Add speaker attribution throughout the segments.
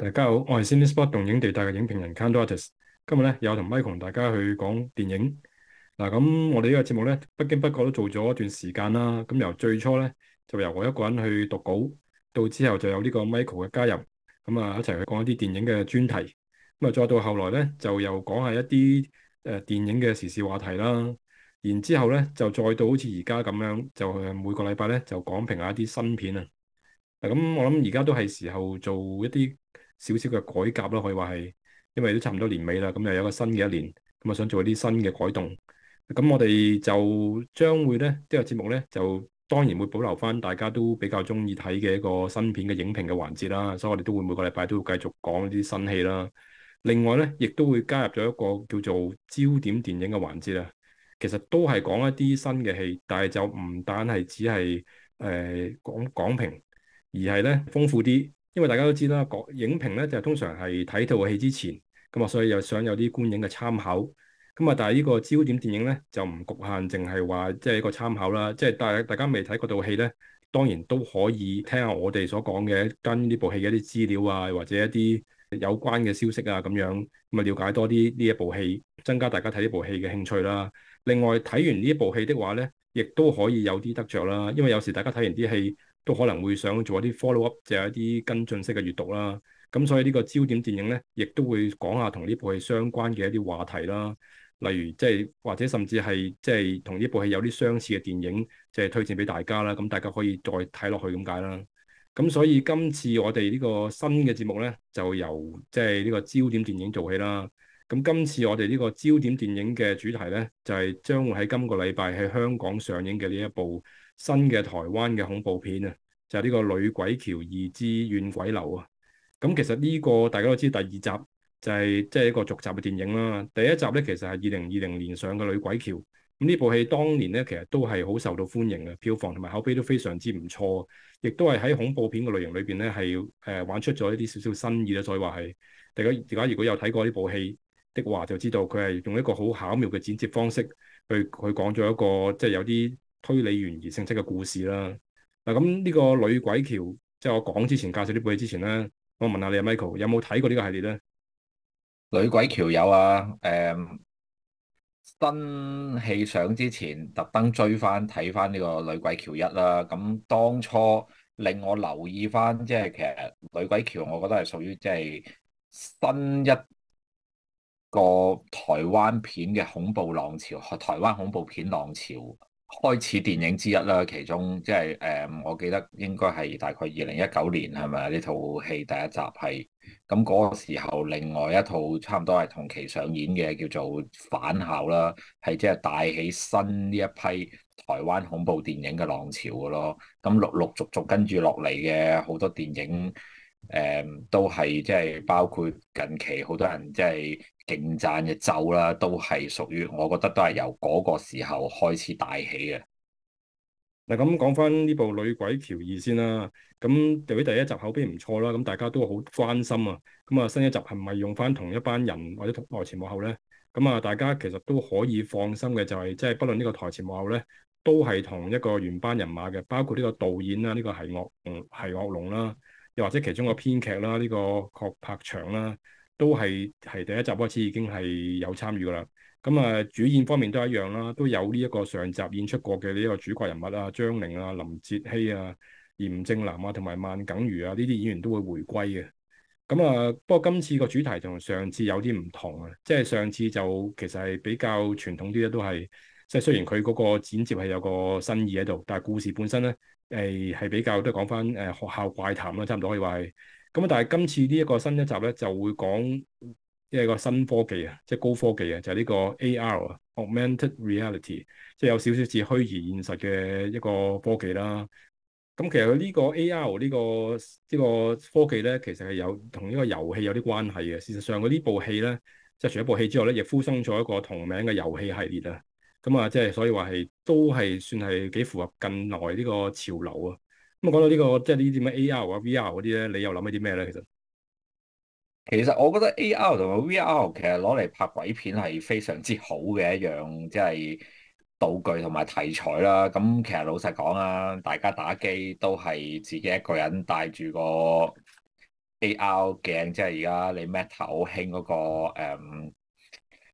Speaker 1: 大家好，我係 Cinespot 動映地帶嘅影評人 Kantorates。今日咧有同 Michael 大家去講電影。嗱、啊、咁我哋呢個節目咧不經不覺都做咗一段時間啦。咁、嗯、由最初咧就由我一個人去讀稿，到之後就有呢個 Michael 嘅加入，咁、嗯、啊一齊去講一啲電影嘅專題。咁、嗯、啊再到後來咧就又講下一啲誒、呃、電影嘅時事話題啦。然之後咧就再到好似而家咁樣，就每個禮拜咧就講評下一啲新片啊。嗱、嗯、咁、嗯、我諗而家都係時候做一啲少少嘅改革啦，可以話係，因為都差唔多年尾啦，咁又有一個新嘅一年，咁啊想做一啲新嘅改動。咁我哋就將會咧，呢、呢個節目咧就當然會保留翻大家都比較中意睇嘅一個新片嘅影評嘅環節啦。所以我哋都會每個禮拜都會繼續講一啲新戲啦。另外咧，亦都會加入咗一個叫做焦點電影嘅環節啦。其實都係講一啲新嘅戲，但係就唔單係只係誒、呃、講講評，而係咧豐富啲。因為大家都知啦，影評咧就通常係睇套戲之前，咁啊，所以又想有啲觀影嘅參考。咁啊，但係呢個焦點電影咧就唔局限，淨係話即係一個參考啦。即係大大家未睇嗰套戲咧，當然都可以聽下我哋所講嘅跟呢部戲嘅一啲資料啊，或者一啲有關嘅消息啊，咁樣咁啊，了解多啲呢一部戲，增加大家睇呢部戲嘅興趣啦。另外睇完呢一部戲的話咧，亦都可以有啲得着啦，因為有時大家睇完啲戲。都可能會想做一啲 follow up，即係一啲跟進式嘅閱讀啦。咁所以呢個焦點電影呢，亦都會講下同呢部戲相關嘅一啲話題啦。例如即係或者甚至係即係同呢部戲有啲相似嘅電影，即係推薦俾大家啦。咁大家可以再睇落去咁解啦。咁所以今次我哋呢個新嘅節目呢，就由即係呢個焦點電影做起啦。咁今次我哋呢個焦點電影嘅主題呢，就係將會喺今個禮拜喺香港上映嘅呢一部。新嘅台灣嘅恐怖片啊，就係呢個《女鬼橋二之怨鬼樓》啊。咁其實呢個大家都知，第二集就係即係一個續集嘅電影啦。第一集咧，其實係二零二零年上嘅《女鬼橋》。咁呢部戲當年咧，其實都係好受到歡迎嘅，票房同埋口碑都非常之唔錯。亦都係喺恐怖片嘅類型裏邊咧，係誒玩出咗一啲少少新意。所以話係大家，大家如果有睇過呢部戲的話，就知道佢係用一個好巧妙嘅剪接方式去去講咗一個即係有啲。推理懸疑性質嘅故事啦，嗱，咁呢個女鬼橋，即係我講之前介紹啲背景之前咧，我問下你 Michael 有冇睇過呢個系列咧？女鬼橋有啊，誒，新戲上之前
Speaker 2: 特登追翻睇翻呢個女鬼橋一啦。咁當初令我留意翻，即係其實女鬼橋，我覺得係屬於即係新一個台灣片嘅恐怖浪潮，台灣恐怖片浪潮。開始電影之一啦，其中即係誒，我記得應該係大概二零一九年係咪？呢套戲第一集係咁嗰個時候，另外一套差唔多係同期上演嘅叫做《返校》啦，係即係帶起新呢一批台灣恐怖電影嘅浪潮咯。咁陸陸續續跟住落嚟嘅好多電影。誒、嗯，都係即係包括近期好多人即係勁讚嘅《咒》啦，都係屬於我覺得都係由嗰個時候開始大起嘅。
Speaker 1: 嗱、嗯，咁講翻呢部《女鬼橋二》先啦，咁由於第一集口碑唔錯啦，咁大家都好關心啊。咁啊，新一集係咪用翻同一班人或者同台前幕後咧？咁啊，大家其實都可以放心嘅，就是，就係即係不論呢個台前幕後咧，都係同一個原班人馬嘅，包括呢個導演啊，呢、這個係岳嗯係岳隆啦。或者其中個編劇啦，呢個郭柏祥啦，都係係第一集開始已經係有參與噶啦。咁啊，主演方面都一樣啦，都有呢一個上集演出過嘅呢一個主角人物啊，張寧啊、林哲熹啊、嚴正南啊、同埋萬景瑜啊，呢啲演員都會回歸嘅。咁啊，不過今次個主題同上次有啲唔同啊，即係上次就其實係比較傳統啲咧，都係。即係雖然佢嗰個剪接係有個新意喺度，但係故事本身咧，誒、哎、係比較都講翻誒學校怪談啦，差唔多可以話係咁啊。但係今次呢一個新一集咧，就會講一個新科技啊，即係高科技啊，就係呢個 A.R.（Augmented Reality），即係有少少似虛擬現實嘅一個科技啦。咁其實佢呢個 A.R. 呢個呢個科技咧，其實係有同呢個遊戲有啲關係嘅。事實上，佢呢部戲咧，即係除咗部戲之外咧，亦衍生咗一個同名嘅遊戲系列啦。咁啊、嗯，即係所以話係都係算係幾符合近來呢個潮流啊！咁、嗯、啊，講到呢、這個即係呢啲咩 AR 啊 VR 嗰啲咧，你又諗起啲咩咧？其實，其實我覺得 AR 同埋 VR 其
Speaker 2: 實攞嚟拍鬼片係非常之好嘅一樣，即、就、係、是、道具同埋題材啦。咁其實老實講啊，大家打機都係自己一個人戴住個 AR 鏡，即係而家你 Meta 好興嗰、那個、嗯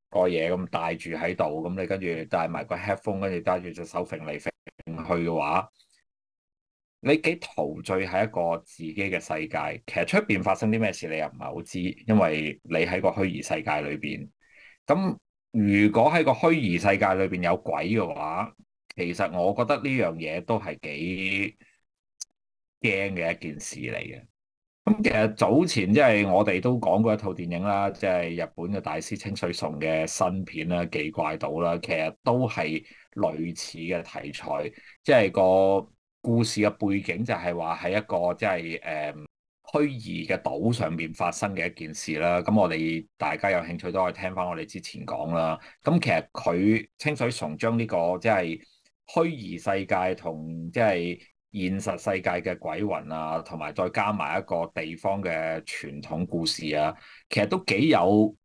Speaker 2: 個嘢咁帶住喺度，咁你跟住帶埋個 headphone，跟住揸住隻手揈嚟揈去嘅話，你幾陶醉喺一個自己嘅世界。其實出邊發生啲咩事你又唔係好知，因為你喺個虛擬世界裏邊。咁如果喺個虛擬世界裏邊有鬼嘅話，其實我覺得呢樣嘢都係幾驚嘅一件事嚟嘅。咁其實早前即係我哋都講過一套電影啦，即係日本嘅大師清水崇嘅新片啦《寄怪島》啦，其實都係類似嘅題材，即係個故事嘅背景就係話喺一個即係誒虛擬嘅島上面發生嘅一件事啦。咁我哋大家有興趣都可以聽翻我哋之前講啦。咁其實佢清水崇將呢個即係虛擬世界同即係現實世界嘅鬼魂啊，同埋再加埋一個地方嘅傳統故事啊，其實都幾有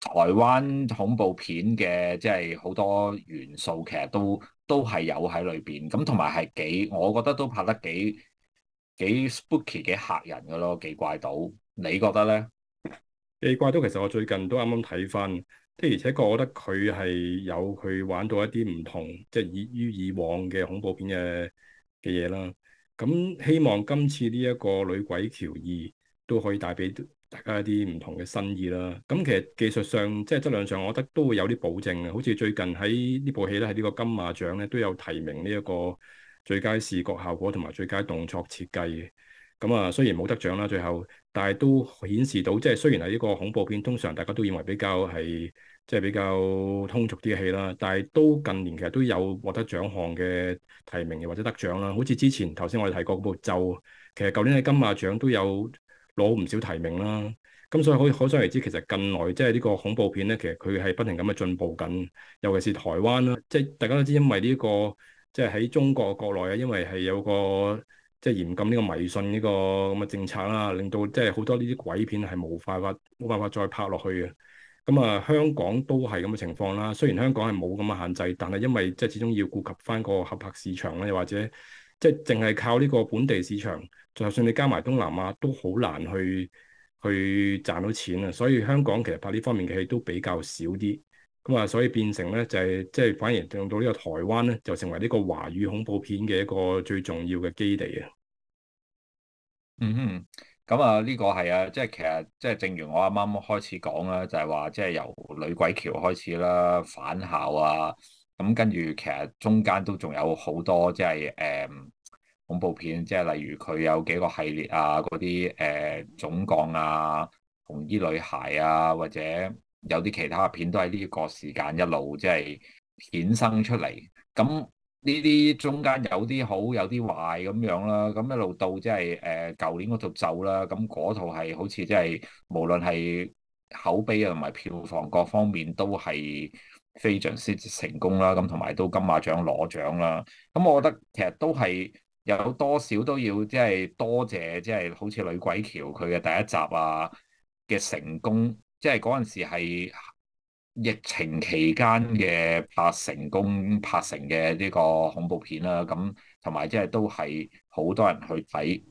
Speaker 2: 台灣恐怖片嘅，即係好多元素，其實都都係有喺裏邊。咁同埋係幾，我覺得都拍得幾幾 spooky，
Speaker 1: 幾嚇人噶咯。《記怪到，你覺得咧？《記怪到？其實我最近都啱啱睇返，的而且確，我覺得佢係有佢玩到一啲唔同，即係以於以往嘅恐怖片嘅。嘅嘢啦，咁希望今次呢一個女鬼橋二都可以帶俾大家一啲唔同嘅新意啦。咁其實技術上即係質量上，我覺得都會有啲保證嘅。好似最近喺呢部戲咧喺呢個金馬獎咧都有提名呢一個最佳視覺效果同埋最佳動作設計。咁啊，雖然冇得獎啦，最後但係都顯示到即係雖然係呢個恐怖片，通常大家都認為比較係，即係比較通俗啲嘅戲啦，但係都近年其實都有獲得獎項嘅提名，或者得獎啦。好似之前頭先我哋提過嗰部《咒》，其實舊年喺金馬獎都有攞唔少提名啦。咁所以可可想而知，其實近來即係呢個恐怖片咧，其實佢係不停咁去進步緊。尤其是台灣啦，即係大家都知，因為呢個即係喺中國國內啊，因為係有個即係嚴禁呢個迷信呢個咁嘅政策啦，令到即係好多呢啲鬼片係冇辦法冇辦法再拍落去嘅。咁啊，香港都係咁嘅情況啦。雖然香港係冇咁嘅限制，但係因為即係始終要顧及翻個合拍市場咧，又或者即係淨係靠呢個本地市場，就算你加埋東南亞都好難去去賺到錢啊。所以香港其實拍呢方面嘅戲都比較少啲。咁啊，所以變成咧就係即係反而用到呢個台灣咧，就成為呢個華語恐怖片嘅一個最重要嘅基地啊。嗯哼。
Speaker 2: 咁啊，呢個係啊，即係其實即係正如我啱啱開始講啦，就係話即係由女鬼橋開始啦，返校啊，咁跟住其實中間都仲有好多即係誒恐怖片，即係例如佢有幾個系列啊，嗰啲誒總降啊，紅衣女孩啊，或者有啲其他嘅片都喺呢個時間一路即係衍生出嚟，咁。呢啲中間有啲好有啲壞咁樣啦，咁一路到即係誒舊年嗰套，嗰嗰套就啦、係，咁嗰套係好似即係無論係口碑啊同埋票房各方面都係非常之成功啦，咁同埋都金馬獎攞獎啦。咁我覺得其實都係有多少都要即係多謝即係、即係、好似女鬼橋佢嘅第一集啊嘅成功，即係嗰陣時係。疫情期間嘅拍成功拍成嘅呢個恐怖片啦，咁同埋即係都係好多人去睇，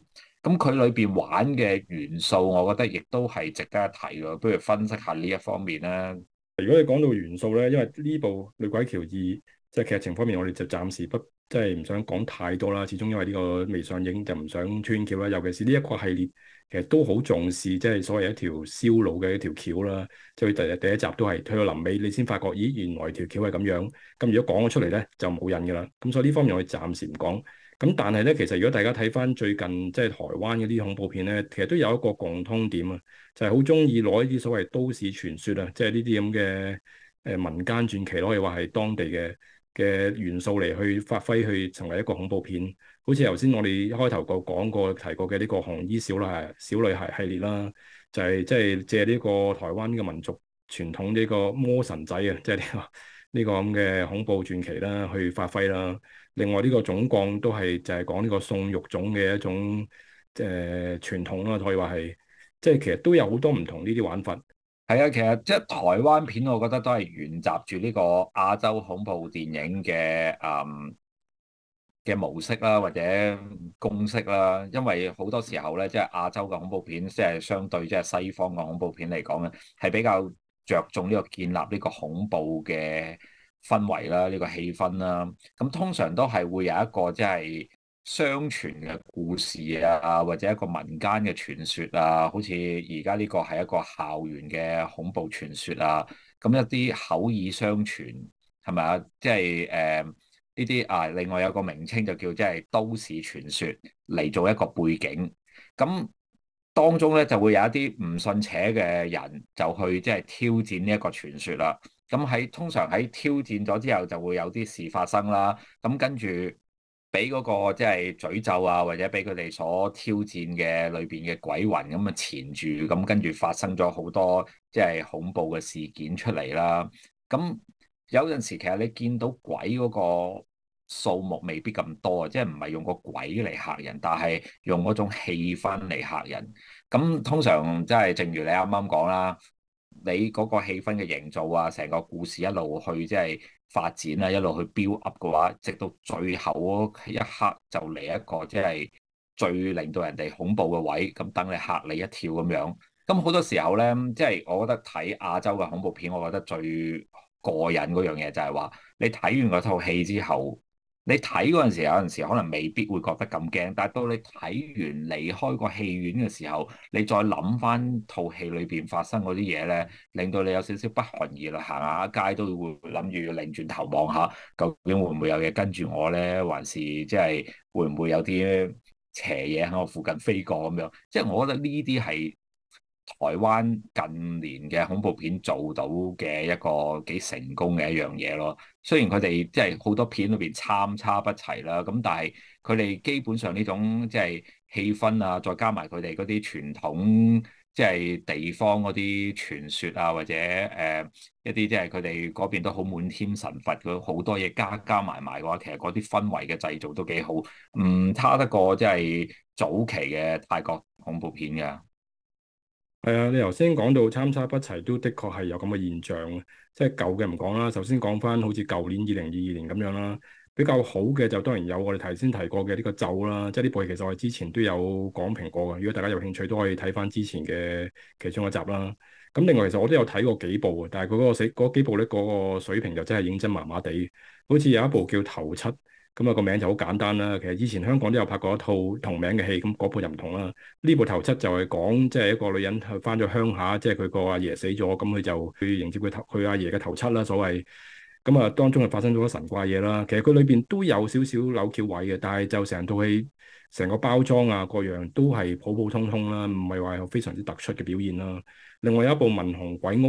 Speaker 2: 咁佢裏邊玩嘅元素，我覺得亦都係值得一提嘅。不如分析下呢一方面
Speaker 1: 啦。如果你講到元素咧，因為呢部《女鬼橋二》即係、就是、劇情方面，我哋就暫時不即係唔想講太多啦。始終因為呢個未上映，就唔想穿橋啦。尤其是呢一個系列。其實都好重視，即係所謂一條燒腦嘅一條橋啦。即係佢第第一集都係，去到臨尾你先發覺，咦原來條橋係咁樣。咁如果講咗出嚟咧，就冇癮㗎啦。咁所以呢方面我哋暫時唔講。咁但係咧，其實如果大家睇翻最近即係台灣嗰啲恐怖片咧，其實都有一個共通點啊，就係好中意攞一啲所謂都市傳說啊，即係呢啲咁嘅誒民間傳奇咯，可以話係當地嘅。嘅元素嚟去發揮去，成為一個恐怖片，好似頭先我哋開頭個講過提過嘅呢個紅衣小女孩小女孩系列啦，就係即係借呢個台灣嘅民族傳統呢個魔神仔啊，即係呢個呢、呢個咁嘅恐怖傳奇啦，去發揮啦。另外呢個總降都係就係講呢個送肉粽嘅一種誒、呃、傳統啦，可以話係即係其實都有好多唔同呢啲玩法。係啊，其實即係
Speaker 2: 台灣片，我覺得都係沿襲住呢個亞洲恐怖電影嘅誒嘅模式啦，或者公式啦。因為好多時候咧，即係亞洲嘅恐怖片，即係相對即係西方嘅恐怖片嚟講咧，係比較着重呢個建立呢個恐怖嘅氛圍啦，呢個氣氛啦。咁通常都係會有一個即係、就是相傳嘅故事啊，或者一個民間嘅傳說啊，好似而家呢個係一個校園嘅恐怖傳說啊，咁一啲口耳相傳係咪啊？即係誒呢啲啊，另外有個名稱就叫即係都市傳說嚟做一個背景，咁當中咧就會有一啲唔信邪嘅人就去即係、就是、挑戰呢一個傳說啦。咁喺通常喺挑戰咗之後就會有啲事發生啦。咁跟住。俾嗰個即係詛咒啊，或者俾佢哋所挑戰嘅裏邊嘅鬼魂咁啊纏住，咁跟住發生咗好多即係恐怖嘅事件出嚟啦。咁有陣時其實你見到鬼嗰個數目未必咁多啊，即係唔係用個鬼嚟嚇人，但係用嗰種氣氛嚟嚇人。咁通常即係正如你啱啱講啦。你嗰個氣氛嘅營造啊，成個故事一路去即係發展啊，一路去 build up 嘅話，直到最後嗰一刻就嚟一個即係最令到人哋恐怖嘅位，咁等你嚇你一跳咁樣。咁好多時候咧，即係我覺得睇亞洲嘅恐怖片，我覺得最過癮嗰樣嘢就係話，你睇完嗰套戲之後。你睇嗰陣時，有陣時可能未必會覺得咁驚，但係到你睇完離開個戲院嘅時候，你再諗翻套戲裏邊發生嗰啲嘢咧，令到你有少少不寒而慄，行下街都會諗住要擰轉頭望下，究竟會唔會有嘢跟住我咧？還是即係會唔會有啲邪嘢喺我附近飛過咁樣？即係我覺得呢啲係。台灣近年嘅恐怖片做到嘅一個幾成功嘅一樣嘢咯，雖然佢哋即係好多片裏邊參差不齊啦，咁但係佢哋基本上呢種即係氣氛啊，再加埋佢哋嗰啲傳統即係地方嗰啲傳說啊，或者誒一啲即係佢哋嗰邊都好滿天神佛，佢好多嘢加加埋埋嘅話，其實嗰啲氛圍嘅製造都幾好，唔差得過即係早期嘅泰國
Speaker 1: 恐怖片嘅。係啊、嗯，你頭先講到參差不齊都的確係有咁嘅現象，即係舊嘅唔講啦，首先講翻好似舊年二零二二年咁樣啦，比較好嘅就當然有我哋頭先提過嘅呢個咒啦，即係呢部戲其實我哋之前都有講評過嘅，如果大家有興趣都可以睇翻之前嘅其中一集啦。咁、嗯、另外其實我都有睇過幾部，但係佢嗰個水幾部咧個水平就真係認真麻麻地，好似有一部叫頭七。咁啊個名就好簡單啦，其實以前香港都有拍過一套同名嘅戲，咁嗰部就唔同啦。呢部頭七就係講，即係一個女人去翻咗鄉下，即係佢個阿爺死咗，咁佢就去迎接佢頭，佢阿爺嘅頭七啦，所謂。咁啊，當中係發生咗個神怪嘢啦。其實佢裏邊都有少少扭橋位嘅，但係就成套戲，成個包裝啊各樣都係普普通通啦，唔係話非常之突出嘅表現啦。另外有一部《文雄鬼屋》，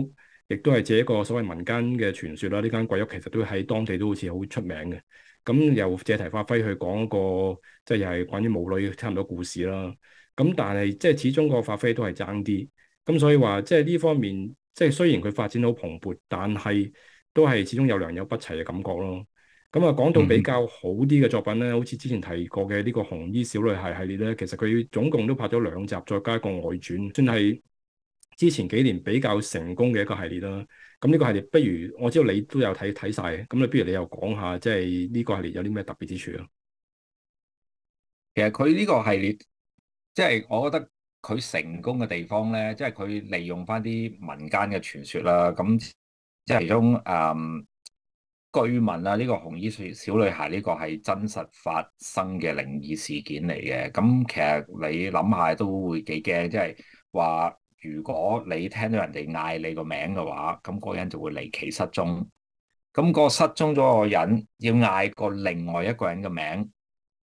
Speaker 1: 亦都係借一個所謂民間嘅傳說啦。呢間鬼屋其實都喺當地都好似好出名嘅。咁又借題發揮去講一個即係又係關於母女差唔多故事啦。咁但係即係始終個發揮都係爭啲。咁所以話即係呢方面，即係雖然佢發展好蓬勃，但係都係始終有良莠不齊嘅感覺咯。咁啊，講到比較好啲嘅作品咧，嗯、好似之前提過嘅呢、呢個紅衣小女孩系列咧，其實佢總共都拍咗兩集，再加一個外傳，算係之前幾年比較成功嘅一個系列啦。咁呢個系列，不如我知道你都有睇睇曬，咁你不如你又講下，即係呢個系列有啲咩特別之處咯？其實佢呢個系列，即係我覺
Speaker 2: 得佢成功嘅地方咧，即係佢利用翻啲民間嘅傳說啦，咁即係其中誒據聞啊，呢個紅衣小女孩呢個係真實發生嘅靈異事件嚟嘅，咁其實你諗下都會幾驚，即係話。如果你聽到人哋嗌你個名嘅話，咁個人就會離奇失蹤。咁個失蹤咗個人要嗌個另外一個人嘅名，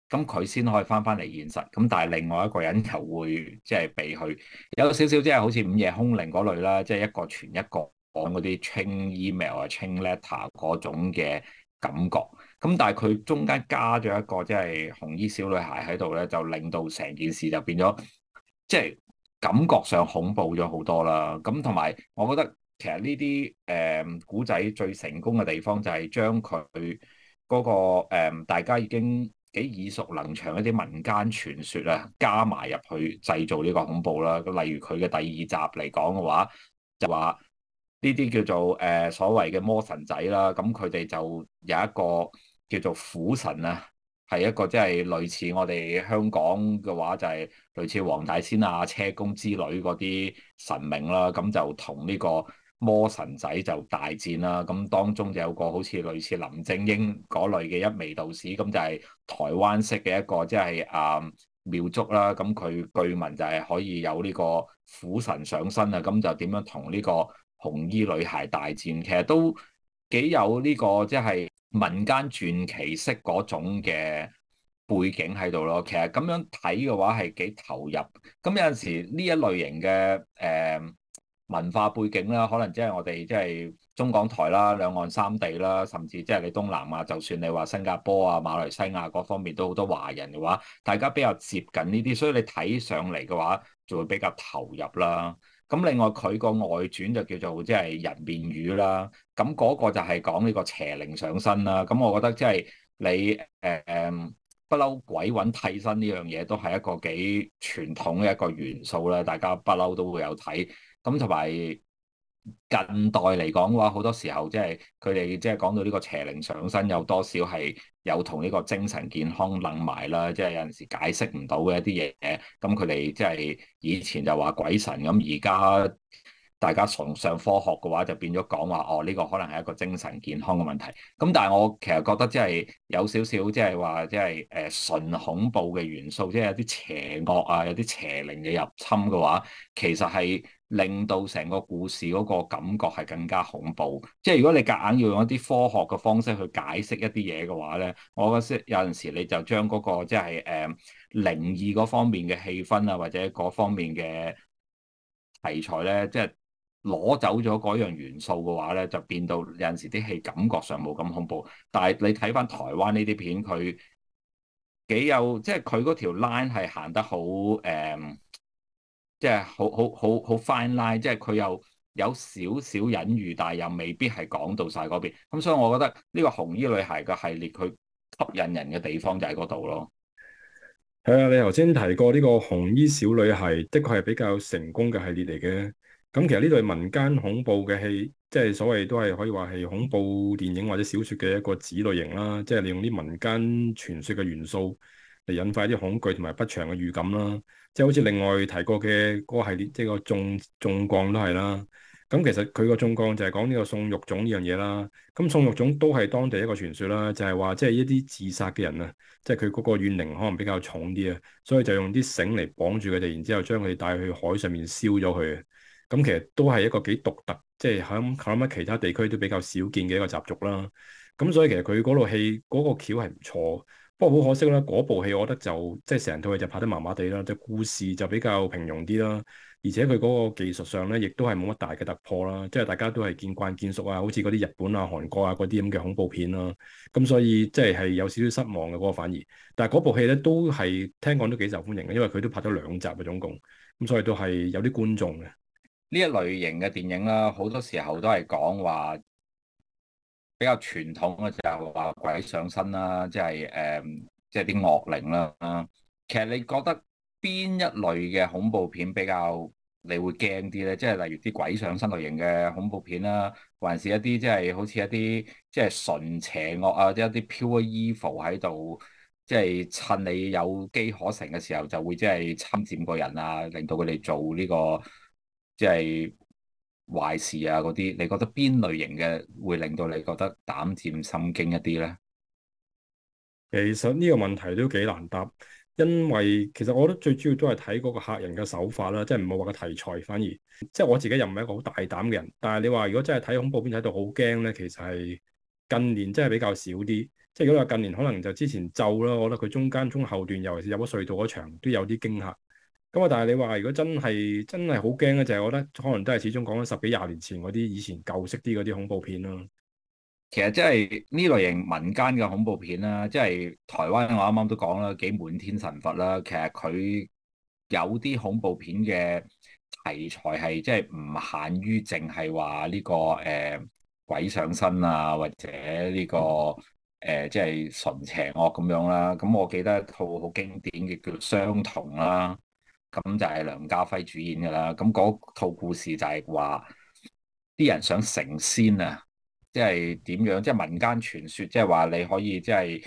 Speaker 2: 咁佢先可以返返嚟現實。咁但係另外一個人又會即係被去。有少少即係好似午夜凶鈴嗰類啦，即係一個傳一個講嗰啲 chain email 啊、chain letter 嗰種嘅感覺。咁但係佢中間加咗一個即係紅衣小女孩喺度咧，就令到成件事就變咗即係。感覺上恐怖咗好多啦，咁同埋我覺得其實呢啲誒古仔最成功嘅地方就係將佢嗰、那個、呃、大家已經幾耳熟能詳一啲民間傳說啊，加埋入去製造呢個恐怖啦。咁例如佢嘅第二集嚟講嘅話，就話呢啲叫做誒、呃、所謂嘅魔神仔啦，咁佢哋就有一個叫做虎神啊。係一個即係類似我哋香港嘅話就係類似黃大仙啊、車公之類嗰啲神明啦，咁就同呢個魔神仔就大戰啦。咁當中就有個好似類似林正英嗰類嘅一眉道士，咁就係台灣式嘅一個即係誒廟祝啦。咁、啊、佢據聞就係可以有呢個虎神上身啊。咁就點樣同呢個紅衣女孩大戰？其實都幾有呢個即係。民間傳奇式嗰種嘅背景喺度咯，其實咁樣睇嘅話係幾投入。咁有陣時呢一類型嘅誒、呃、文化背景啦，可能即係我哋即係中港台啦、兩岸三地啦，甚至即係你東南亞，就算你話新加坡啊、馬來西亞、啊、各方面都好多華人嘅話，大家比較接近呢啲，所以你睇上嚟嘅話就會比較投入啦。咁另外佢個外傳就叫做即係人面魚啦，咁嗰個就係講呢個邪靈上身啦。咁我覺得即係你誒不嬲鬼揾替身呢樣嘢都係一個幾傳統嘅一個元素啦，大家不嬲都會有睇。咁同埋。近代嚟講嘅話，好多時候即係佢哋即係講到呢個邪靈上身，有多少係有同呢個精神健康楞埋啦，即係有陣時解釋唔到嘅一啲嘢，咁佢哋即係以前就話鬼神，咁而家大家崇尚科學嘅話，就變咗講話哦，呢個可能係一個精神健康嘅問題。咁但係我其實覺得即係有少少即係話即係誒純恐怖嘅元素，即係有啲邪惡啊，有啲邪靈嘅入侵嘅話，其實係。令到成個故事嗰個感覺係更加恐怖，即係如果你夾硬要用一啲科學嘅方式去解釋一啲嘢嘅話咧，我覺得有陣時你就將嗰、那個即係誒、呃、靈異嗰方面嘅氣氛啊，或者嗰方面嘅題材咧，即係攞走咗嗰樣元素嘅話咧，就變到有陣時啲戲感覺上冇咁恐怖。但係你睇返台灣呢啲片，佢幾有即係佢嗰條 line 係行得好誒。呃即係好好好好 fine line，即係佢又有少少隱喻，但係又未必係講到晒嗰邊。咁、嗯、所以，我覺得呢個紅衣女孩嘅系列，佢吸引人嘅地方就喺嗰度咯。
Speaker 1: 係啊，你頭先提過呢個紅衣小女孩，的確係比較成功嘅系列嚟嘅。咁其實呢度係民間恐怖嘅戲，即係所謂都係可以話係恐怖電影或者小説嘅一個子類型啦。即係利用啲民間傳說嘅元素。嚟引發啲恐懼同埋不祥嘅預感啦，即係好似另外提過嘅嗰個系列，即係個種種光都係啦。咁、嗯、其實佢個種光就係講呢個送肉粽呢樣嘢啦。咁、嗯、送肉粽都係當地一個傳説啦，就係話即係一啲自殺嘅人啊，即係佢嗰個怨靈可能比較重啲啊，所以就用啲繩嚟綁住佢哋，然之後將佢帶去海上面燒咗佢。咁、嗯、其實都係一個幾獨特，即係響可能喺其他地區都比較少見嘅一個習俗啦。咁、嗯、所以其實佢嗰套戲嗰個橋係唔錯。不過好可惜啦，嗰部戲我覺得就即係成套戲就拍得麻麻地啦，即係故事就比較平庸啲啦，而且佢嗰個技術上咧，亦都係冇乜大嘅突破啦，即係大家都係見慣見熟啊，好似嗰啲日本啊、韓國啊嗰啲咁嘅恐怖片啦、啊，咁所以即係係有少少失望嘅嗰、嗰個反而，但係嗰部戲咧都係聽講都幾受歡迎嘅，因為佢都拍咗兩集嘅、啊、總共，咁所以都係有啲觀眾嘅呢一類型嘅電影啦、啊，好多時候都係
Speaker 2: 講話。比較傳統嘅就係話鬼上身啦，即係誒，即係啲惡靈啦。其實你覺得邊一類嘅恐怖片比較你會驚啲咧？即係例如啲鬼上身類型嘅恐怖片啦，還是一啲即係好似一啲即係純邪惡啊，即係一啲 pure evil 喺度，即係趁你有機可乘嘅時候就會即係侵佔個人啊，令到佢哋做呢個即係，壞事啊嗰啲，你覺得邊類型嘅會令到你覺得膽戰心驚一啲咧？
Speaker 1: 其實呢個問題都幾難答，因為其實我覺得最主要都係睇嗰個客人嘅手法啦，即係唔好話個題材，反而即係我自己又唔係一個好大膽嘅人。但係你話如果真係睇恐怖片睇到好驚咧，其實係近年真係比較少啲。即係如果話近年可能就之前咒啦，我覺得佢中間中後段尤其是入個隧道嗰場都有啲驚嚇。咁啊！但係你話，如果真係真係好驚嘅，就係我覺得可能都係始終講緊十幾廿年前嗰啲以前舊式啲嗰啲恐怖片咯。其實真係呢類型民間嘅恐怖片啦，即
Speaker 2: 係台灣我啱啱都講啦，幾滿天神佛啦。其實佢有啲恐怖片嘅題材係即係唔限於淨係話呢個誒鬼上身啊，或者呢個誒即係純邪惡咁樣啦。咁我記得一套好經典嘅叫相同啦。咁就係梁家輝主演㗎啦，咁嗰套故事就係話啲人想成仙啊，即係點樣？即係民間傳說，即係話你可以，即係。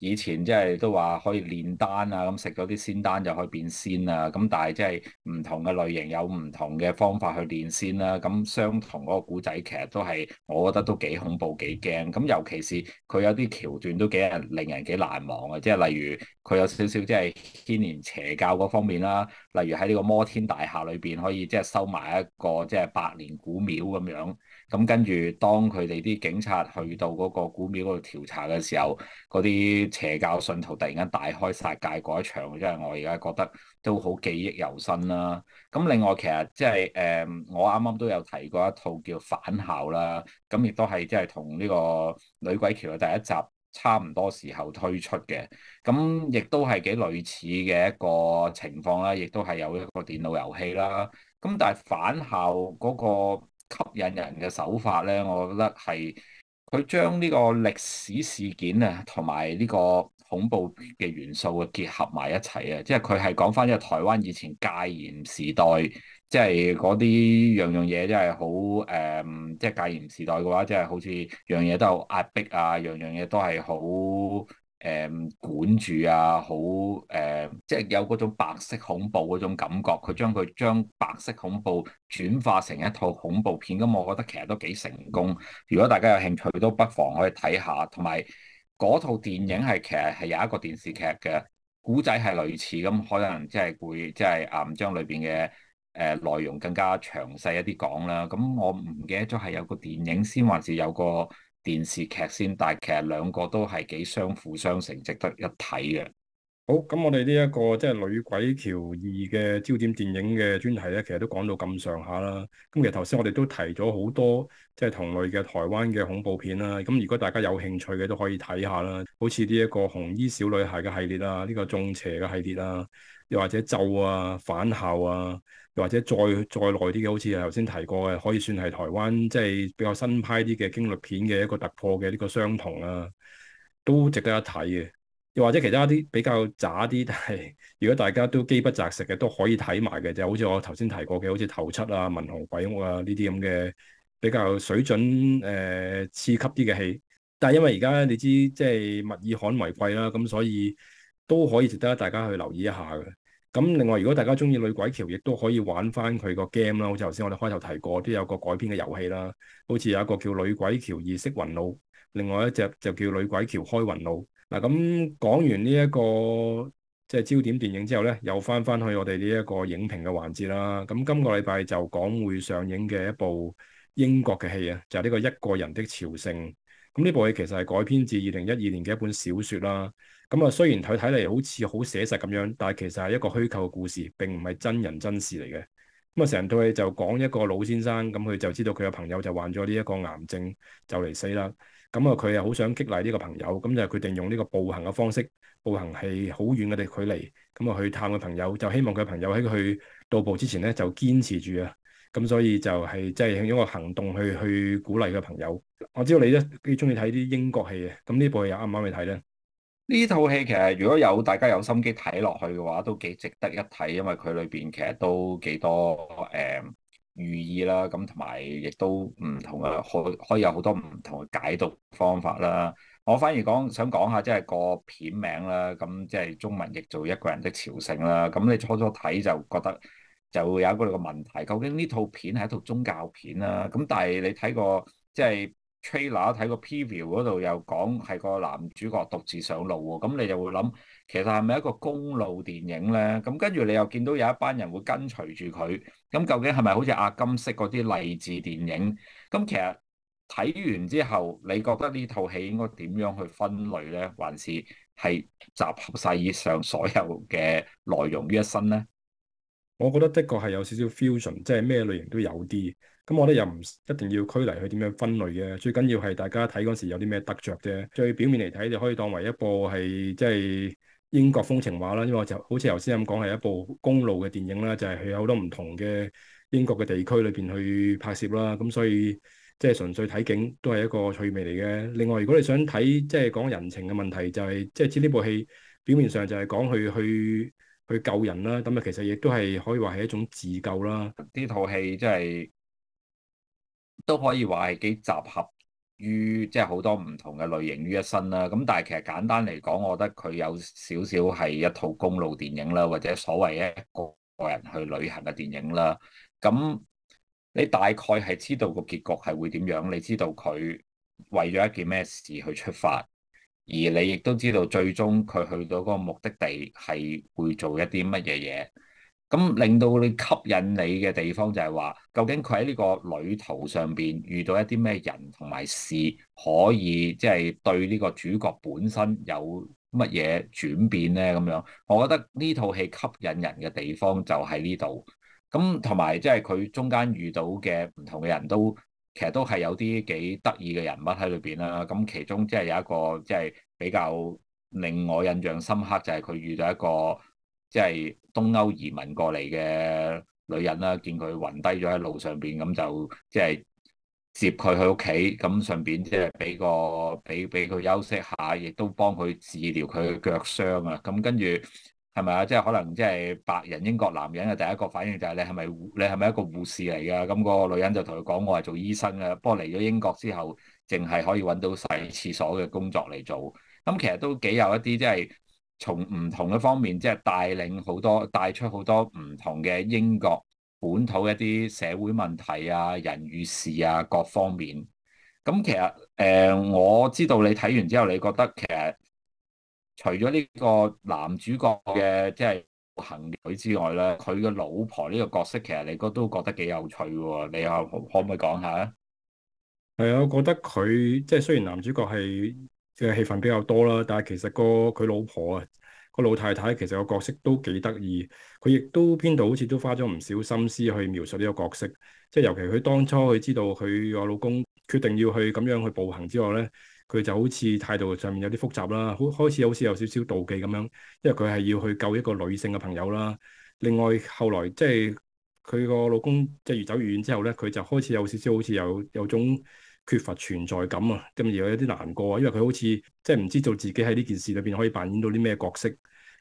Speaker 2: 以前即係都話可以煉丹啊，咁食咗啲仙丹就可以變仙啊。咁但係即係唔同嘅類型有唔同嘅方法去煉仙啦。咁相同嗰個故仔其實都係，我覺得都幾恐怖幾驚。咁尤其是佢有啲橋段都幾人令人幾難忘嘅，即係例如佢有少少即係牽連邪教嗰方面啦。例如喺呢個摩天大廈裏邊可以即係收埋一個即係百年古廟咁樣。咁跟住，當佢哋啲警察去到嗰個古廟嗰度調查嘅時候，嗰啲邪教信徒突然間大開殺戒嗰場，即係我而家覺得都好記憶猶新啦，啊。咁另外其實即係誒，我啱啱都有提過一套叫《返校》啦，咁亦都係即係同呢個《女鬼橋》嘅第一集差唔多時候推出嘅，咁亦都係幾類似嘅一個情況啦，亦都係有一個電腦遊戲啦。咁但係《返校》嗰個吸引人嘅手法咧，我覺得係佢將呢個歷史事件啊，同埋呢個恐怖嘅元素嘅結合埋一齊啊，即係佢係講返即係台灣以前戒嚴時代，即係嗰啲樣樣嘢即係好誒，即係戒嚴時代嘅話，即係好似樣嘢都有壓迫啊，樣樣嘢都係好。誒，管住啊，好誒、呃，即係有嗰種白色恐怖嗰種感覺，佢將佢將白色恐怖轉化成一套恐怖片，咁我覺得其實都幾成功。如果大家有興趣，都不妨可以睇下。同埋嗰套電影係其實係有一個電視劇嘅，古仔係類似咁，可能即係會即係啊，將、就是、裏邊嘅誒內容更加詳細一啲講啦。咁我唔記得咗係有個電影先，還是有個？電視劇先，但係其實兩個都係幾相輔相成，
Speaker 1: 值得一睇嘅。好，咁我哋呢一個即係《就是、女鬼橋二》嘅焦點電影嘅專題咧，其實都講到咁上下啦。咁其實頭先我哋都提咗好多即係、就是、同類嘅台灣嘅恐怖片啦。咁如果大家有興趣嘅都可以睇下啦，好似呢一個紅衣小女孩嘅系列啊，呢、這個眾邪嘅系列啊，又或者咒啊、返校啊，又或者再再耐啲嘅，好似頭先提過嘅，可以算係台灣即係、就是、比較新派啲嘅驚慄片嘅一個突破嘅呢個《雙瞳》啊，都值得一睇嘅。又或者其他啲比較渣啲，但係如果大家都機不擇食嘅，都可以睇埋嘅就好似我頭先提過嘅，好似《頭七》啊、《文雄鬼屋》啊呢啲咁嘅比較水準誒、呃、次級啲嘅戲。但係因為而家你知即係、就是、物以罕為貴啦，咁所以都可以值得大家去留意一下嘅。咁另外，如果大家鍾意《女鬼橋》，亦都可以玩返佢個 game 啦。好似頭先我哋開頭提過，都有個改編嘅遊戲啦。好似有一個叫《女鬼橋二識魂路》，另外一隻就叫《女鬼橋開魂路》。嗱，咁講完呢一個即係焦點電影之後咧，又翻翻去我哋呢一個影評嘅環節啦。咁今個禮拜就講會上映嘅一部英國嘅戲啊，就係呢個一個人的朝聖。咁呢部戲其實係改編自二零一二年嘅一本小說啦。咁啊，雖然佢睇嚟好似好寫實咁樣，但係其實係一個虛構嘅故事，並唔係真人真事嚟嘅。咁啊，成套戲就講一個老先生，咁佢就知道佢個朋友就患咗呢一個癌症，就嚟死啦。咁啊，佢又好想激勵呢個朋友，咁就決定用呢個步行嘅方式，步行係好遠嘅距離，咁啊去探嘅朋友，就希望佢朋友喺佢到步之前咧，就堅持住啊，咁所以就係即係用一個行動去去鼓勵個朋友。我知道你咧幾中意睇啲英國戲啊，咁呢部又啱唔啱你睇咧？呢
Speaker 2: 套戲其實如果有大家有心機睇落去嘅話，都幾值得一睇，因為佢裏邊其實都幾多誒。嗯寓意啦，咁同埋亦都唔同嘅，可以可以有好多唔同嘅解讀方法啦。我反而講，想講下，即係個片名啦，咁即係中文譯做一個人的朝聖啦。咁你初初睇就覺得就會有一個一個問題，究竟呢套片係一套宗教片啦。咁但係你睇過，即係。trailer 睇個 preview 嗰度又講係個男主角獨自上路喎，咁你就會諗其實係咪一個公路電影呢？咁跟住你又見到有一班人會跟隨住佢，咁究竟係咪好似阿金式嗰啲勵志電影？咁其實睇完之後，你覺得呢套戲應該點樣去分類呢？還是係集合晒以上所有嘅內容於一身呢？
Speaker 1: 我覺得的確係有少少 fusion，即係咩類型都有啲。咁我覺得又唔一定要拘泥去點樣分類嘅，最緊要係大家睇嗰時有啲咩得着啫。最表面嚟睇就可以當為一部係即係英國風情畫啦，因為就好似頭先咁講係一部公路嘅電影啦，就係、是、去好多唔同嘅英國嘅地區裏邊去拍攝啦。咁所以即係、就是、純粹睇景都係一個趣味嚟嘅。另外如果你想睇即係講人情嘅問題、就是，就係即係知呢部戲表面上就係講去去去救人啦，咁啊其實亦都係可以話係一種自救啦。呢套戲真係。都可以話係幾
Speaker 2: 集合於即係好多唔同嘅類型於一身啦。咁但係其實簡單嚟講，我覺得佢有少少係一套公路電影啦，或者所謂一個人去旅行嘅電影啦。咁你大概係知道個結局係會點樣，你知道佢為咗一件咩事去出發，而你亦都知道最終佢去到嗰個目的地係會做一啲乜嘢嘢。咁令到你吸引你嘅地方就係話，究竟佢喺呢個旅途上邊遇到一啲咩人同埋事，可以即係對呢個主角本身有乜嘢轉變呢？咁樣，我覺得呢套戲吸引人嘅地方就喺呢度。咁同埋即係佢中間遇到嘅唔同嘅人都，其實都係有啲幾得意嘅人物喺裏邊啦。咁其中即係有一個即係比較令我印象深刻，就係佢遇到一個，即係東歐移民過嚟嘅女人啦，見佢暈低咗喺路上邊，咁就即係接佢去屋企，咁順便即係俾個俾俾佢休息下，亦都幫佢治療佢嘅腳傷啊。咁跟住係咪啊？即係可能即係白人英國男人嘅第一個反應就係，你係咪你係咪一個護士嚟噶？咁嗰個女人就同佢講：我係做醫生啊。不過嚟咗英國之後，淨係可以搵到洗廁所嘅工作嚟做。咁其實都幾有一啲即係。從唔同嘅方面，即係帶領好多、帶出好多唔同嘅英國本土一啲社會問題啊、人與事啊各方面。咁、嗯、其實誒、呃，我知道你睇完之後，你覺得其實除咗呢個男主角嘅即係行佢之外咧，佢嘅老婆呢個角色其實你都都覺得幾有趣喎、哦。你可可唔可以講下咧？
Speaker 1: 係啊，我覺得佢即係雖然男主角係。嘅氣氛比較多啦，但係其實個佢老婆啊，個老太太其實個角色都幾得意。佢亦都邊度好似都花咗唔少心思去描述呢個角色，即係尤其佢當初佢知道佢個老公決定要去咁樣去步行之外咧，佢就好似態度上面有啲複雜啦。好開始好似有少少妒忌咁樣，因為佢係要去救一個女性嘅朋友啦。另外後來即係佢個老公即係越走越遠之後咧，佢就開始有少少好似有有種缺乏存在感啊，咁而有啲難過啊，因為佢好似即係唔知道自己喺呢件事裏邊可以扮演到啲咩角色。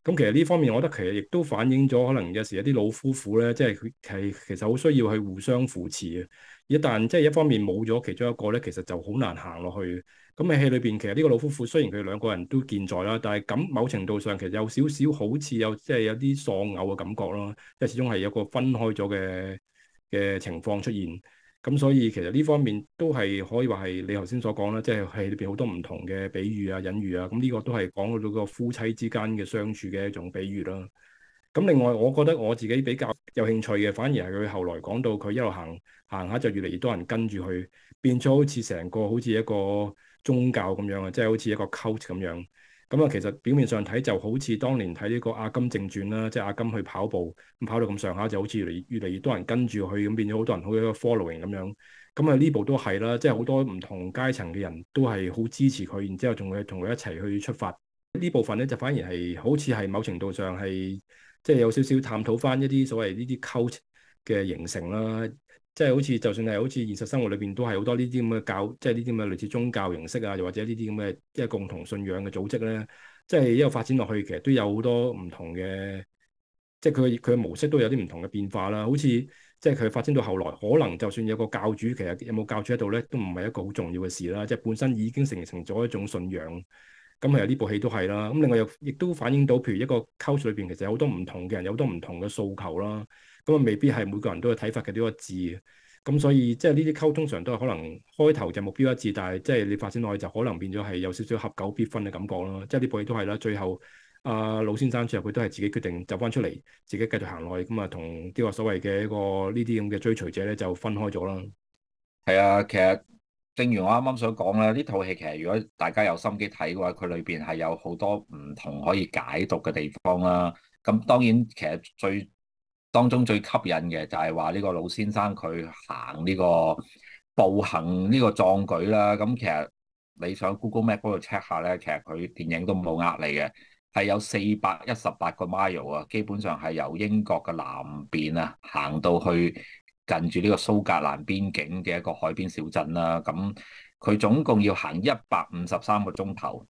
Speaker 1: 咁其實呢方面，我覺得其實亦都反映咗可能有時有啲老夫婦咧，即係佢係其實好需要去互相扶持啊。一旦即係一方面冇咗其中一個咧，其實就好難行落去。咁喺戲裏邊，其實呢個老夫婦雖然佢兩個人都健在啦，但係咁某程度上其實有少少好似有即係有啲喪偶嘅感覺咯，即係始終係有個分開咗嘅嘅情況出現。咁所以其實呢方面都係可以話係你頭先所講啦，即係係裏邊好多唔同嘅比喻啊、隱喻啊，咁呢個都係講到咗個夫妻之間嘅相處嘅一種比喻啦，啊。咁另外，我覺得我自己比較有興趣嘅，反而係佢後來講到佢一路行行下就越嚟越多人跟住佢，變咗好似成個好似一個宗教咁樣啊，即係好似一個 cult 咁樣。咁啊、嗯，其實表面上睇就好似當年睇呢個阿甘正傳啦，即係阿甘去跑步咁跑到咁上下，就好似越嚟越嚟越多人跟住佢，咁變咗好多人好似一個 following 咁樣。咁、嗯、啊，呢部都係啦，即係好多唔同階層嘅人都係好支持佢，然之後仲去同佢一齊去出發。呢部分咧就反而係好似係某程度上係即係有少少探討翻一啲所謂呢啲 cult 嘅形成啦。即係好似，就算係好似現實生活裏邊，都係好多呢啲咁嘅教，即係呢啲咁嘅類似宗教形式啊，又或者呢啲咁嘅即係共同信仰嘅組織咧。即係一路發展落去，其實都有好多唔同嘅，即係佢佢嘅模式都有啲唔同嘅變化啦。好似即係佢發展到後來，可能就算有個教主，其實有冇教主喺度咧，都唔係一個好重要嘅事啦。即係本身已經成形成咗一種信仰，咁係啊，呢部戲都係啦。咁另外又亦都反映到，譬如一個溝水裏邊，其實有好多唔同嘅人，有好多唔同嘅訴求啦。咁啊、嗯，未必係每個人都有睇法嘅呢個字。咁所以即係呢啲溝通，通常都係可能開頭就目標一致，但係即係你發展落去就可能變咗係有少少合久必分嘅感覺咯。即係呢部戲都係啦，最後啊老先生最後佢都係自己決定走返出嚟，自己繼續行落去，咁啊同呢個所謂嘅一個呢啲咁嘅追隨者咧就分開咗啦。係啊，其實
Speaker 2: 正如我啱啱想講啦，呢套戲其實如果大家有心機睇嘅話，佢裏邊係有好多唔同可以解讀嘅地方啦、啊。咁當然其實最當中最吸引嘅就係話呢個老先生佢行呢個步行呢個壯舉啦，咁其實你上 Google Map 嗰度 check 下咧，其實佢電影都冇呃你嘅，係有四百一十八個 mile 啊，基本上係由英國嘅南邊啊行到去近住呢個蘇格蘭邊境嘅一個海邊小鎮啦，咁佢總共要行一百五十三個鐘頭。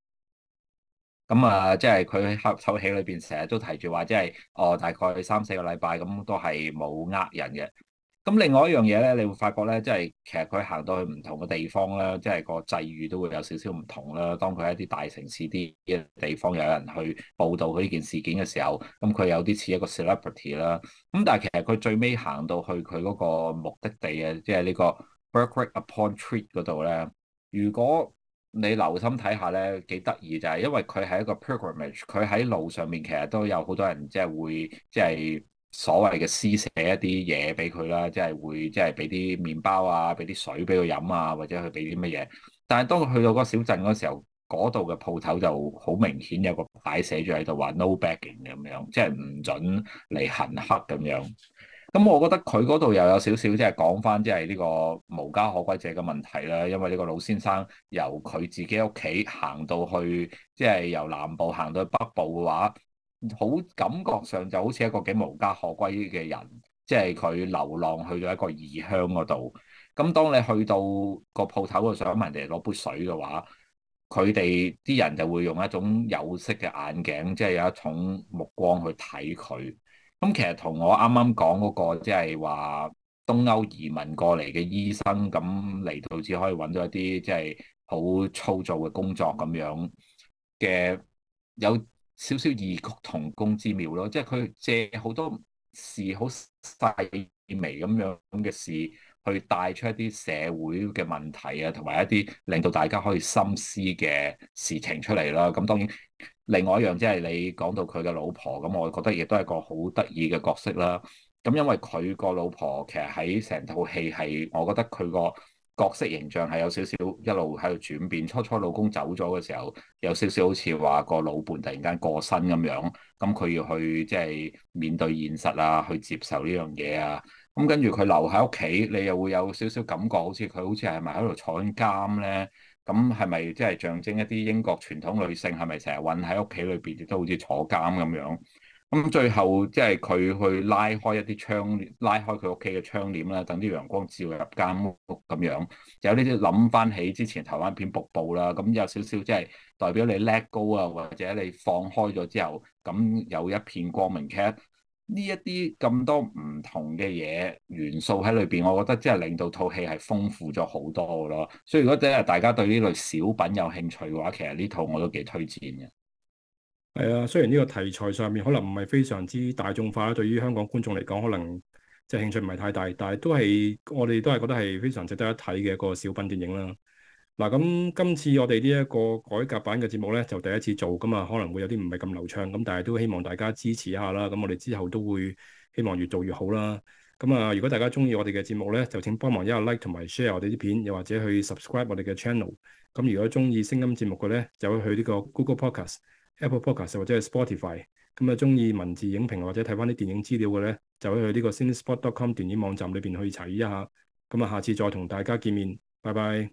Speaker 2: 咁啊、嗯，即係佢喺齣戲裏邊成日都提住話，即係哦大概三四個禮拜咁都係冇呃人嘅。咁、嗯、另外一樣嘢咧，你會發覺咧，即係其實佢行到去唔同嘅地方啦，即係個際遇都會有少少唔同啦。當佢喺一啲大城市啲地方有人去報道佢呢件事件嘅時候，咁、嗯、佢有啲似一個 celebrity 啦、嗯。咁但係其實佢最尾行到去佢嗰個目的地啊，即係呢個 Berwick-upon-Tweed 嗰度咧，如果你留心睇下咧，幾得意就係因為佢係一個 pilgrimage，、um、佢喺路上面其實都有好多人即係會即係所謂嘅施捨一啲嘢俾佢啦，即係會即係俾啲麵包啊，俾啲水俾佢飲啊，或者去俾啲乜嘢。但係當佢去到嗰個小鎮嗰時候，嗰度嘅鋪頭就好明顯有個牌寫住喺度話 no begging 咁樣，即係唔准嚟行乞咁樣。咁我覺得佢嗰度又有少少即係講返即係呢個無家可歸者嘅問題啦。因為呢個老先生由佢自己屋企行到去，即係由南部行到去北部嘅話，好感覺上就好似一個幾無家可歸嘅人，即係佢流浪去到一個異鄉嗰度。咁當你去到個鋪頭度想問人哋攞杯水嘅話，佢哋啲人就會用一種有色嘅眼鏡，即係有一種目光去睇佢。咁其實同我啱啱講嗰個，即係話東歐移民過嚟嘅醫生，咁嚟到至可以搵到一啲即係好粗糙嘅工作咁樣嘅，有少少異曲同工之妙咯。即係佢借好多事，好細微咁樣嘅事，去帶出一啲社會嘅問題啊，同埋一啲令到大家可以深思嘅事情出嚟啦。咁當然。另外一樣即係你講到佢嘅老婆，咁我覺得亦都係個好得意嘅角色啦。咁因為佢個老婆其實喺成套戲係，我覺得佢個角色形象係有少少一路喺度轉變。初初老公走咗嘅時候，有少少好似話個老伴突然間過身咁樣，咁佢要去即係面對現實啊，去接受呢樣嘢啊。咁跟住佢留喺屋企，你又會有少少感覺好似佢好似係咪喺度坐緊監咧？咁係咪即係象徵一啲英國傳統女性係咪成日韞喺屋企裏邊，亦都好似坐監咁樣？咁最後即係佢去拉開一啲窗，拉開佢屋企嘅窗簾啦，等啲陽光照入間屋咁樣。就有呢啲諗翻起之前台灣片瀑布啦，咁有少少即係代表你 let go 啊，或者你放開咗之後，咁有一片光明劇。呢一啲咁多唔同嘅嘢元素喺裏邊，我覺得即係令到套戲係豐富咗好多嘅咯。所以如果真係大家對呢類小品有興趣嘅話，其實呢套我都幾推薦
Speaker 1: 嘅。係啊，雖然呢個題材上面可能唔係非常之大眾化，對於香港觀眾嚟講可能即係興趣唔係太大，但係都係我哋都係覺得係非常值得一睇嘅一個小品電影啦。嗱，咁今次我哋呢一個改革版嘅節目咧，就第一次做噶啊，可能會有啲唔係咁流暢咁，但係都希望大家支持一下啦。咁我哋之後都會希望越做越好啦。咁啊，如果大家中意我哋嘅節目咧，就請幫忙一下 like 同埋 share 我哋啲片，又或者去 subscribe 我哋嘅 channel。咁如果中意聲音節目嘅咧，就可以去呢個 Google Podcast、Apple Podcast 或者係 Spotify。咁啊，中意文字影評或者睇翻啲電影資料嘅咧，就可以去呢個 CineSpot.com 電影網站裏邊去查詢一下。咁啊，下次再同大家見面，拜拜。